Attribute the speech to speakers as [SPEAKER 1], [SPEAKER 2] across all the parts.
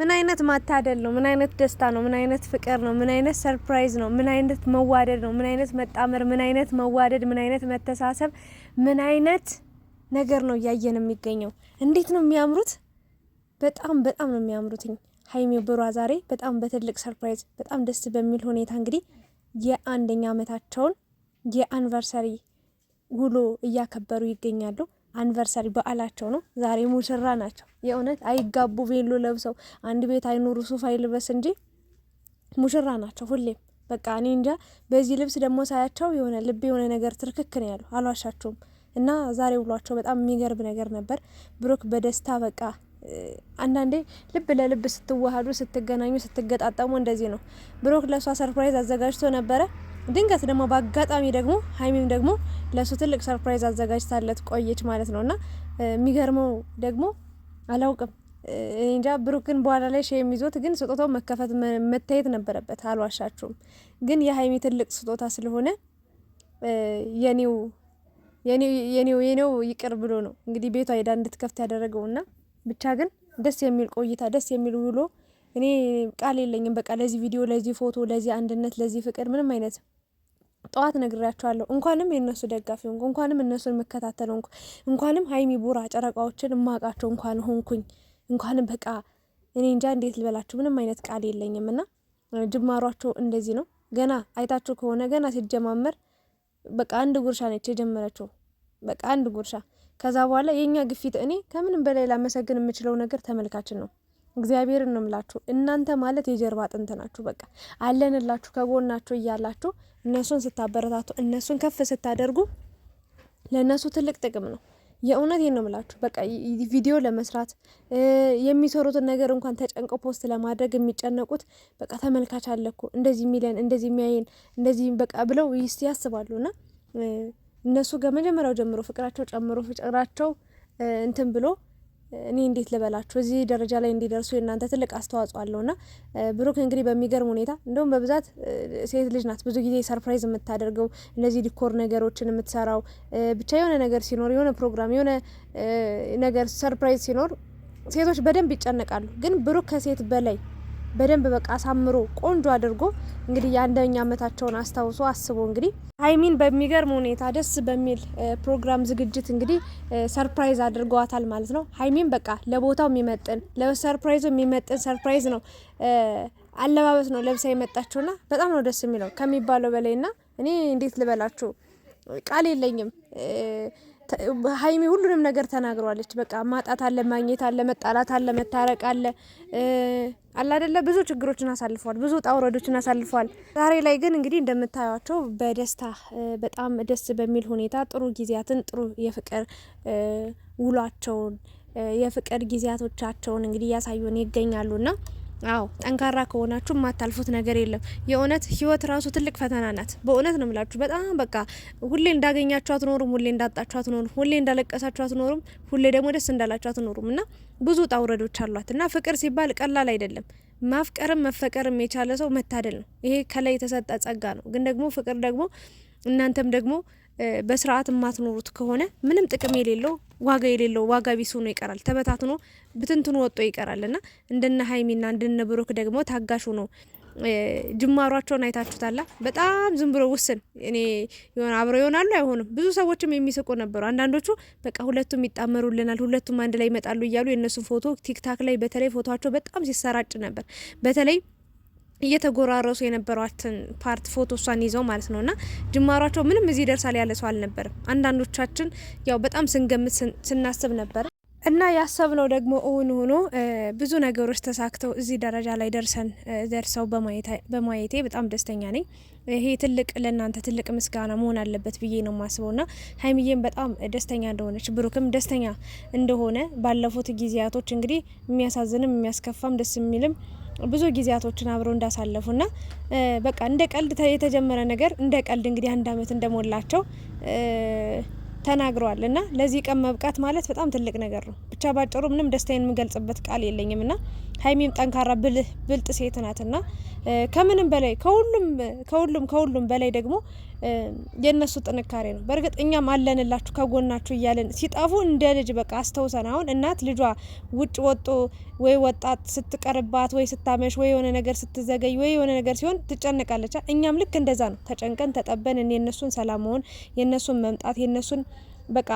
[SPEAKER 1] ምን አይነት ማታደል ነው? ምን አይነት ደስታ ነው? ምን አይነት ፍቅር ነው? ምን አይነት ሰርፕራይዝ ነው? ምን አይነት መዋደድ ነው? ምን አይነት መጣመር፣ ምን አይነት መዋደድ፣ ምን አይነት መተሳሰብ፣ ምን አይነት ነገር ነው እያየን የሚገኘው? እንዴት ነው የሚያምሩት! በጣም በጣም ነው የሚያምሩትኝ። ሀይሚ ብሯ ዛሬ በጣም በትልቅ ሰርፕራይዝ፣ በጣም ደስ በሚል ሁኔታ እንግዲህ የአንደኛ ዓመታቸውን የአኒቨርሰሪ ውሎ እያከበሩ ይገኛሉ። አንቨርሰሪ በዓላቸው ነው። ዛሬ ሙሽራ ናቸው። የእውነት አይጋቡ ቬሎ ለብሰው አንድ ቤት አይኖሩ ሱፍ አይልበስ እንጂ ሙሽራ ናቸው ሁሌም። በቃ እኔ እንጃ በዚህ ልብስ ደግሞ ሳያቸው የሆነ ልብ የሆነ ነገር ትርክክ ነው ያሉ እና ዛሬ ውሏቸው በጣም የሚገርም ነገር ነበር። ብሩክ በደስታ በቃ አንዳንዴ ልብ ለልብ ስትዋሃዱ፣ ስትገናኙ፣ ስትገጣጠሙ እንደዚህ ነው። ብሩክ ለእሷ ሰርፕራይዝ አዘጋጅቶ ነበረ። ድንገት ደግሞ በአጋጣሚ ደግሞ ሀይሚም ደግሞ ለእሱ ትልቅ ሰርፕራይዝ አዘጋጅታለት ቆየች ማለት ነው እና የሚገርመው ደግሞ አላውቅም እንጃ ብሩክን በኋላ ላይ ሼም ይዞት ግን ስጦታው መከፈት መታየት ነበረበት። አልዋሻችሁም። ግን የሀይሚ ትልቅ ስጦታ ስለሆነ የኔው የኔው የኔው ይቅር ብሎ ነው እንግዲህ ቤቷ ሄዳ እንድትከፍት ያደረገውና ብቻ ግን ደስ የሚል ቆይታ፣ ደስ የሚል ውሎ። እኔ ቃል የለኝም በቃ ለዚህ ቪዲዮ፣ ለዚህ ፎቶ፣ ለዚህ አንድነት፣ ለዚህ ፍቅር ምንም አይነት ጠዋት ነግሬያቸዋለሁ። እንኳንም የእነሱ ደጋፊ ሆንኩ፣ እንኳንም እነሱን የምከታተል ሆንኩ፣ እንኳንም ሀይሚ ቡራ ጨረቃዎችን እማውቃቸው እንኳን ሆንኩኝ፣ እንኳንም በቃ እኔ እንጃ እንዴት ልበላችሁ፣ ምንም አይነት ቃል የለኝም። እና ጅማሯቸው እንደዚህ ነው። ገና አይታችሁ ከሆነ ገና ሲጀማመር በቃ አንድ ጉርሻ ነች የጀመረችው፣ በቃ አንድ ጉርሻ ከዛ በኋላ የእኛ ግፊት እኔ ከምንም በላይ ላመሰግን የምችለው ነገር ተመልካችን ነው። እግዚአብሔርን ነው ምላችሁ። እናንተ ማለት የጀርባ አጥንት ናችሁ። በቃ አለንላችሁ፣ ከጎናችሁ እያላችሁ እነሱን ስታበረታቱ፣ እነሱን ከፍ ስታደርጉ ለእነሱ ትልቅ ጥቅም ነው። የእውነት ነው ምላችሁ። በቃ ቪዲዮ ለመስራት የሚሰሩትን ነገር እንኳን ተጨንቀው ፖስት ለማድረግ የሚጨነቁት በቃ ተመልካች አለ እንደዚህ የሚለን እንደዚህ የሚያይን እንደዚህ በቃ ብለው ያስባሉና እነሱ ከመጀመሪያው መጀመሪያው ጀምሮ ፍቅራቸው ጨምሮ ፍቅራቸው እንትን ብሎ እኔ እንዴት ልበላችሁ እዚህ ደረጃ ላይ እንዲደርሱ የእናንተ ትልቅ አስተዋጽኦ ና ብሩክ እንግዲህ በሚገርም ሁኔታ እንደውም በብዛት ሴት ልጅ ናት ብዙ ጊዜ ሰርፕራይዝ የምታደርገው እነዚህ ዲኮር ነገሮችን የምትሰራው ብቻ የሆነ ነገር ሲኖር የሆነ ፕሮግራም የሆነ ነገር ሰርፕራይዝ ሲኖር ሴቶች በደንብ ይጨነቃሉ። ግን ብሩክ ከሴት በላይ በደንብ በቃ አሳምሮ ቆንጆ አድርጎ እንግዲህ የአንደኛ አመታቸውን አስታውሶ አስቦ እንግዲህ ሀይሚን በሚገርም ሁኔታ ደስ በሚል ፕሮግራም ዝግጅት እንግዲህ ሰርፕራይዝ አድርገዋታል ማለት ነው። ሀይሚን በቃ ለቦታው የሚመጥን ለሰርፕራይዙ የሚመጥን ሰርፕራይዝ ነው አለባበስ ነው ለብሳ የመጣችውና በጣም ነው ደስ የሚለው ከሚባለው በላይና እኔ እንዴት ልበላችሁ ቃል የለኝም። ሀይሚ ሁሉንም ነገር ተናግሯለች። በቃ ማጣት አለ፣ ማግኘት አለ፣ መጣላት አለ፣ መታረቅ አለ አላደለ ብዙ ችግሮችን አሳልፏል። ብዙ ውጣ ውረዶችን አሳልፏል። ዛሬ ላይ ግን እንግዲህ እንደምታዩቸው በደስታ በጣም ደስ በሚል ሁኔታ ጥሩ ጊዜያትን ጥሩ የፍቅር ውሏቸውን የፍቅር ጊዜያቶቻቸውን እንግዲህ እያሳዩን ይገኛሉና አዎ ጠንካራ ከሆናችሁ የማታልፉት ነገር የለም። የእውነት ህይወት ራሱ ትልቅ ፈተና ናት። በእውነት ነው ምላችሁ። በጣም በቃ ሁሌ እንዳገኛችሁ አትኖሩም፣ ሁሌ እንዳጣችሁ አትኖሩም፣ ሁሌ እንዳለቀሳችሁ አትኖሩም፣ ሁሌ ደግሞ ደስ እንዳላችሁ አትኖሩም እና ብዙ ውጣ ውረዶች አሏት እና ፍቅር ሲባል ቀላል አይደለም። ማፍቀርም መፈቀርም የቻለ ሰው መታደል ነው። ይሄ ከላይ የተሰጠ ጸጋ ነው። ግን ደግሞ ፍቅር ደግሞ እናንተም ደግሞ በስርዓት የማትኖሩት ከሆነ ምንም ጥቅም የሌለው ዋጋ የሌለው ዋጋ ቢስ ሆኖ ይቀራል። ተበታትኖ ብትንትኑ ወጥቶ ይቀራል እና እንደነ ሀይሚና እንደነ ብሩክ ደግሞ ታጋሽ ሆኖ ጅማሯቸውን አይታችሁታላ። በጣም ዝም ብሎ ውስን እኔ የሆነ አብረው ይሆናሉ አይሆንም። ብዙ ሰዎችም የሚስቁ ነበሩ። አንዳንዶቹ በቃ ሁለቱም ይጣመሩልናል፣ ሁለቱም አንድ ላይ ይመጣሉ እያሉ የእነሱን ፎቶ ቲክታክ ላይ በተለይ ፎቶቸው በጣም ሲሰራጭ ነበር በተለይ እየተጎራረሱ የነበሯትን ፓርት ፎቶ እሷን ይዘው ማለት ነው። እና ጅማሯቸው ምንም እዚህ ደርሳል ያለ ሰው አልነበርም። አንዳንዶቻችን ያው በጣም ስንገምት ስናስብ ነበር እና ያሰብነው ደግሞ እውን ሆኖ ብዙ ነገሮች ተሳክተው እዚህ ደረጃ ላይ ደርሰን ደርሰው በማየቴ በጣም ደስተኛ ነኝ። ይሄ ትልቅ ለእናንተ ትልቅ ምስጋና መሆን አለበት ብዬ ነው የማስበው። ና ሀይሚዬም በጣም ደስተኛ እንደሆነች ብሩክም ደስተኛ እንደሆነ ባለፉት ጊዜያቶች እንግዲህ የሚያሳዝንም የሚያስከፋም ደስ የሚልም ብዙ ጊዜያቶችን አብረው እንዳሳለፉና በቃ እንደ ቀልድ የተጀመረ ነገር እንደ ቀልድ እንግዲህ አንድ አመት እንደሞላቸው ተናግረዋል እና ለዚህ ቀን መብቃት ማለት በጣም ትልቅ ነገር ነው። ብቻ ባጭሩ ምንም ደስታዬን የምገልጽበት ቃል የለኝም ና ሀይሚም ጠንካራ ብልህ ብልጥ ሴት ና ከምንም በላይ ከሁሉም ከሁሉም ከሁሉም በላይ ደግሞ የእነሱ ጥንካሬ ነው። በእርግጥ እኛም አለንላችሁ ከጎናችሁ እያለን ሲጠፉ እንደ ልጅ በቃ አስተውሰን። አሁን እናት ልጇ ውጭ ወጦ ወይ ወጣት ስትቀርባት ወይ ስታመሽ ወይ የሆነ ነገር ስትዘገይ ወይ የሆነ ነገር ሲሆን ትጨንቃለች። እኛም ልክ እንደዛ ነው። ተጨንቀን ተጠበን የእነሱን ሰላም መሆን የእነሱን መምጣት የእነሱን በቃ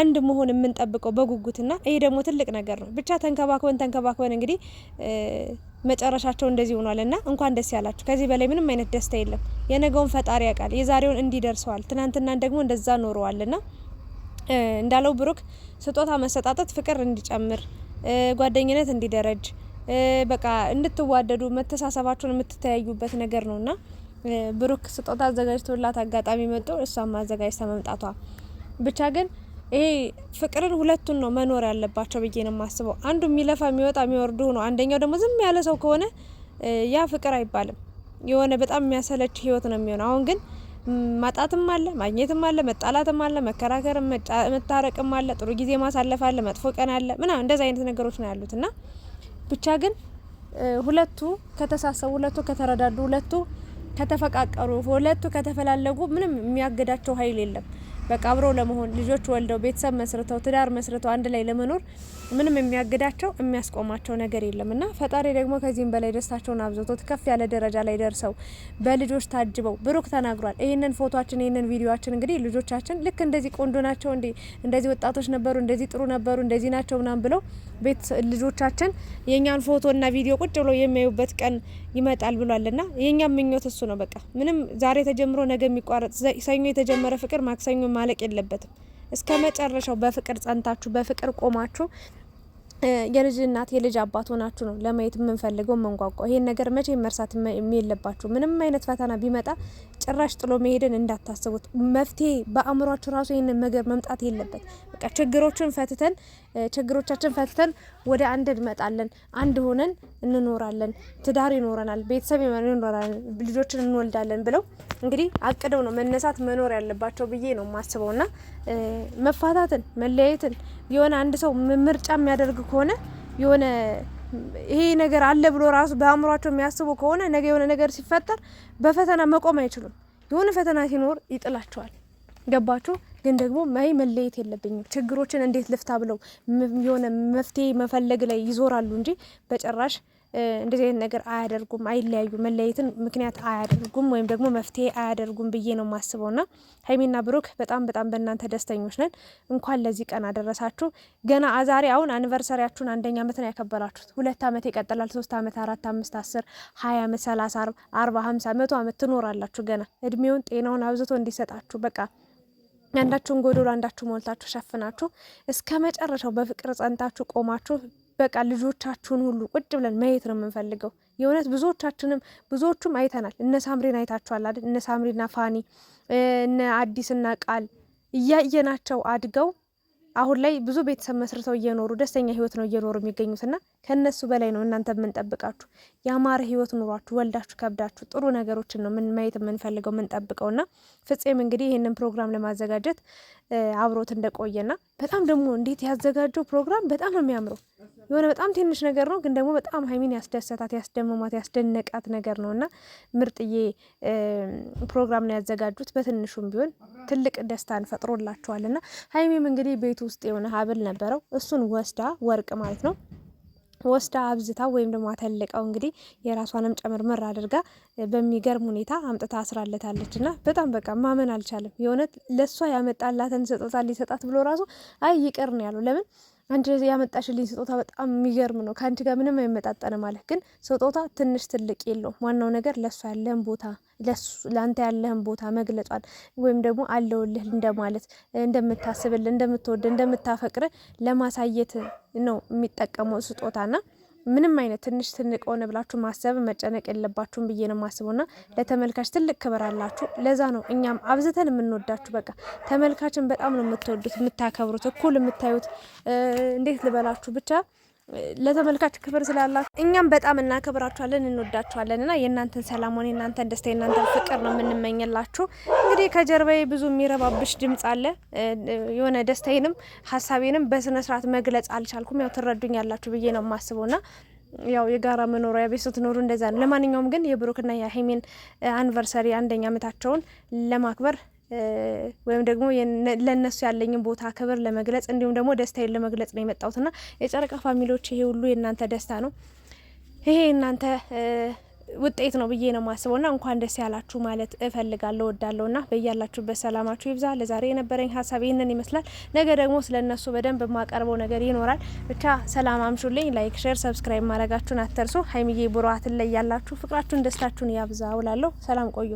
[SPEAKER 1] አንድ መሆን የምንጠብቀው በጉጉትና ይሄ ደግሞ ትልቅ ነገር ነው። ብቻ ተንከባክበን ተንከባክበን እንግዲህ መጨረሻቸው እንደዚህ ሆኗልና እንኳን ደስ ያላችሁ። ከዚህ በላይ ምንም አይነት ደስታ የለም። የነገውን ፈጣሪ ያውቃል። የዛሬውን እንዲደርሰዋል። ትናንትናን ደግሞ እንደዛ ኖረዋል ና እንዳለው ብሩክ ስጦታ መሰጣጠት ፍቅር እንዲጨምር ጓደኝነት እንዲደረጅ በቃ እንድትዋደዱ መተሳሰባችሁን የምትተያዩበት ነገር ነውና ብሩክ ስጦታ አዘጋጅቶላት አጋጣሚ መጥቶ እሷም አዘጋጅታ መምጣቷ ብቻ ግን ይሄ ፍቅርን ሁለቱን ነው መኖር ያለባቸው ብዬ ነው የማስበው። አንዱ የሚለፋ የሚወጣ የሚወርዱ ነው። አንደኛው ደግሞ ዝም ያለ ሰው ከሆነ ያ ፍቅር አይባልም። የሆነ በጣም የሚያሰለች ህይወት ነው የሚሆነው። አሁን ግን ማጣትም አለ፣ ማግኘትም አለ፣ መጣላትም አለ፣ መከራከርም መታረቅም አለ፣ ጥሩ ጊዜ ማሳለፍ አለ፣ መጥፎ ቀን አለ ምናምን እንደዚህ አይነት ነገሮች ነው ያሉት እና ብቻ ግን ሁለቱ ከተሳሰቡ፣ ሁለቱ ከተረዳዱ፣ ሁለቱ ከተፈቃቀሩ፣ ሁለቱ ከተፈላለጉ ምንም የሚያገዳቸው ኃይል የለም። በቃ አብረው ለመሆን ልጆች ወልደው ቤተሰብ መስርተው ትዳር መስርተው አንድ ላይ ለመኖር ምንም የሚያግዳቸው የሚያስቆማቸው ነገር የለም እና ፈጣሪ ደግሞ ከዚህም በላይ ደስታቸውን አብዝቶት ከፍ ያለ ደረጃ ላይ ደርሰው በልጆች ታጅበው ብሩክ ተናግሯል። ይህንን ፎቶችን ይህንን ቪዲዮችን እንግዲህ ልጆቻችን ልክ እንደዚህ ቆንጆ ናቸው፣ እንደዚህ ወጣቶች ነበሩ፣ እንደዚህ ጥሩ ነበሩ፣ እንደዚህ ናቸው ምናም ብለው ቤት ልጆቻችን የእኛን ፎቶና ቪዲዮ ቁጭ ብሎ የሚያዩበት ቀን ይመጣል ብሏልና የእኛም ምኞት እሱ ነው። በቃ ምንም ዛሬ ተጀምሮ ነገ የሚቋረጥ ሰኞ የተጀመረ ፍቅር ማክሰኞ ማለቅ የለበትም። እስከ መጨረሻው በፍቅር ጸንታችሁ በፍቅር ቆማችሁ የልጅ እናት የልጅ አባት ሆናችሁ ነው ለማየት የምንፈልገው መንጓጓ። ይሄን ነገር መቼ መርሳት የለባችሁ። ምንም አይነት ፈተና ቢመጣ ጭራሽ ጥሎ መሄድን እንዳታስቡት። መፍትሄ በአእምሯችሁ ራሱ ይህንን ነገር መምጣት የለበት። በቃ ችግሮችን ፈትተን ችግሮቻችን ፈትተን ወደ አንድ እንመጣለን፣ አንድ ሆነን እንኖራለን፣ ትዳር ይኖረናል፣ ቤተሰብ ይኖረናል፣ ልጆችን እንወልዳለን ብለው እንግዲህ አቅደው ነው መነሳት መኖር ያለባቸው ብዬ ነው የማስበውና መፋታትን መለያየትን የሆነ አንድ ሰው ምርጫ የሚያደርግ ከሆነ የሆነ ይሄ ነገር አለ ብሎ ራሱ በአእምሯቸው የሚያስቡ ከሆነ ነገ የሆነ ነገር ሲፈጠር በፈተና መቆም አይችሉም። የሆነ ፈተና ሲኖር ይጥላቸዋል። ገባችሁ? ግን ደግሞ ማይ መለየት የለብኝም ችግሮችን እንዴት ልፍታ ብለው የሆነ መፍትሄ መፈለግ ላይ ይዞራሉ እንጂ በጭራሽ እንደዚህ አይነት ነገር አያደርጉም፣ አይለያዩ መለየትን ምክንያት አያደርጉም ወይም ደግሞ መፍትሄ አያደርጉም ብዬ ነው የማስበው። ና ሀይሚና ብሩክ በጣም በጣም በእናንተ ደስተኞች ነን። እንኳን ለዚህ ቀን አደረሳችሁ። ገና ዛሬ አሁን አኒቨርሰሪያችሁን አንደኛ ዓመት ነው ያከበራችሁት። ሁለት ዓመት ይቀጥላል፣ ሶስት ዓመት፣ አራት፣ አምስት፣ አስር፣ ሀያ ዓመት፣ ሰላሳ፣ አርባ፣ ሀምሳ፣ መቶ ዓመት ትኖራላችሁ። ገና እድሜውን ጤናውን አብዝቶ እንዲሰጣችሁ በቃ አንዳችሁን ጎዶሎ አንዳችሁ ሞልታችሁ ሸፍናችሁ እስከ መጨረሻው በፍቅር ጸንታችሁ ቆማችሁ በቃ ልጆቻችሁን ሁሉ ቁጭ ብለን ማየት ነው የምንፈልገው። የእውነት ብዙዎቻችንም ብዙዎቹም አይተናል። እነ ሳምሪን አይታችኋል አይደል? እነ ሳምሪና ፋኒ እነ አዲስና ቃል እያየናቸው አድገው አሁን ላይ ብዙ ቤተሰብ መስርተው እየኖሩ ደስተኛ ህይወት ነው እየኖሩ የሚገኙትና ከእነሱ በላይ ነው እናንተ የምንጠብቃችሁ። የአማረ ህይወት ኑሯችሁ ወልዳችሁ ከብዳችሁ ጥሩ ነገሮችን ነው ማየት የምንፈልገው የምንጠብቀውና ፍፄም እንግዲህ ይህንን ፕሮግራም ለማዘጋጀት አብሮት እንደቆየና በጣም ደግሞ እንዴት ያዘጋጀው ፕሮግራም በጣም ነው የሚያምረው። የሆነ በጣም ትንሽ ነገር ነው፣ ግን ደግሞ በጣም ሀይሚን ያስደሰታት፣ ያስደመማት፣ ያስደነቃት ነገር ነው እና ምርጥዬ ፕሮግራም ነው ያዘጋጁት። በትንሹም ቢሆን ትልቅ ደስታን ፈጥሮላቸዋል እና ሀይሚም እንግዲህ ቤት ውስጥ የሆነ ሀብል ነበረው እሱን ወስዳ ወርቅ ማለት ነው ወስዳ አብዝታ ወይም ደግሞ አተልቀው እንግዲህ የራሷንም ጨምር ጨምርምር አድርጋ በሚገርም ሁኔታ አምጥታ አስራለታለች። እና በጣም በቃ ማመን አልቻለም። የእውነት ለእሷ ያመጣላትን ስጦታ ሊሰጣት ብሎ ራሱ አይ ይቅር ነው ያለው ለምን አንቺ ያመጣሽልኝ ስጦታ በጣም የሚገርም ነው፣ ከአንቺ ጋር ምንም አይመጣጠንም ማለት ግን ስጦታ ትንሽ ትልቅ የለውም። ዋናው ነገር ለሱ ያለህን ቦታ ለአንተ ያለህን ቦታ መግለጿል፣ ወይም ደግሞ አለውልህ እንደማለት እንደምታስብል፣ እንደምትወድ፣ እንደምታፈቅር ለማሳየት ነው የሚጠቀመው ስጦታና ምንም አይነት ትንሽ ትንቅ ሆነ ብላችሁ ማሰብ መጨነቅ የለባችሁም ብዬ ነው ማስበው ና ለተመልካች ትልቅ ክብር አላችሁ። ለዛ ነው እኛም አብዝተን የምንወዳችሁ። በቃ ተመልካችን በጣም ነው የምትወዱት፣ የምታከብሩት፣ እኩል የምታዩት እንዴት ልበላችሁ ብቻ ለተመልካች ክብር ስላላችሁ እኛም በጣም እናከብራችኋለን፣ እንወዳችኋለን እና የእናንተን ሰላም የእናንተን ደስታ የእናንተን ፍቅር ነው የምንመኝላችሁ። እንግዲህ ከጀርባዬ ብዙ የሚረባብሽ ድምፅ አለ። የሆነ ደስታዬንም ሀሳቤንም በስነ ስርዓት መግለጽ አልቻልኩም። ያው ትረዱኝ ያላችሁ ብዬ ነው የማስበው ና ያው የጋራ መኖሪያ ቤት ስትኖሩ እንደዛ ነው። ለማንኛውም ግን የብሩክና የሀይሜን አኒቨርሰሪ አንደኛ ዓመታቸውን ለማክበር ወይም ደግሞ ለእነሱ ያለኝን ቦታ ክብር ለመግለጽ እንዲሁም ደግሞ ደስታዬን ለመግለጽ ነው ና የጨረቃ ፋሚሊዎች ይሄ ሁሉ የእናንተ ደስታ ነው። ይሄ የእናንተ ውጤት ነው ብዬ ነው ና እንኳን ደስ ያላችሁ ማለት እፈልጋለሁ። ወዳለሁና በያላችሁበት ሰላማችሁ ይብዛ። ለዛሬ የነበረኝ ሀሳብ ይህንን ይመስላል። ነገ ደግሞ ስለ እነሱ በደንብ የማቀርበው ነገር ይኖራል። ብቻ ሰላም አምሹልኝ። ላይክ፣ ሼር፣ ሰብስክራይብ ማድረጋችሁን አትርሱ። ሀይሚዬ ቡሯትን ላይ ያላችሁ ፍቅራችሁን፣ ደስታችሁን ያብዛ ውላለሁ ሰላም ቆዩ።